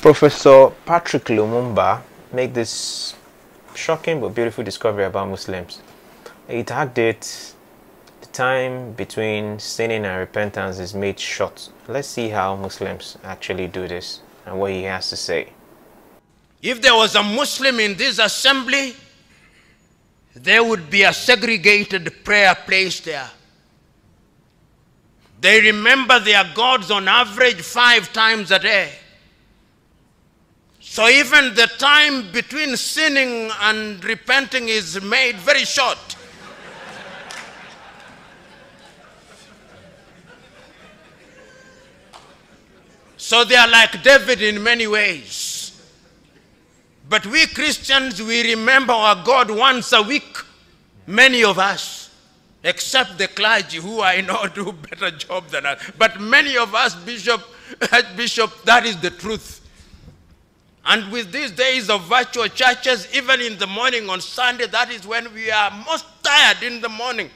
Professor Patrick Lumumba made this shocking but beautiful discovery about Muslims. It had dates the time between sinning and repentance is made short. Let's see how Muslims actually do this and what he has to say. If there was a Muslim in this assembly, there would be a segregated prayer place there. They remember their gods on average five times a day. So even the time between sinning and repenting is made very short. So they are like David in many ways. But we Christians, we remember our God once a week. Many of us, except the clergy, who I know do better job than us. But many of us, Bishop, Bishop, that is the truth. And with these days of virtual churches, even in the morning on Sunday, that is when we are most tired in the morning.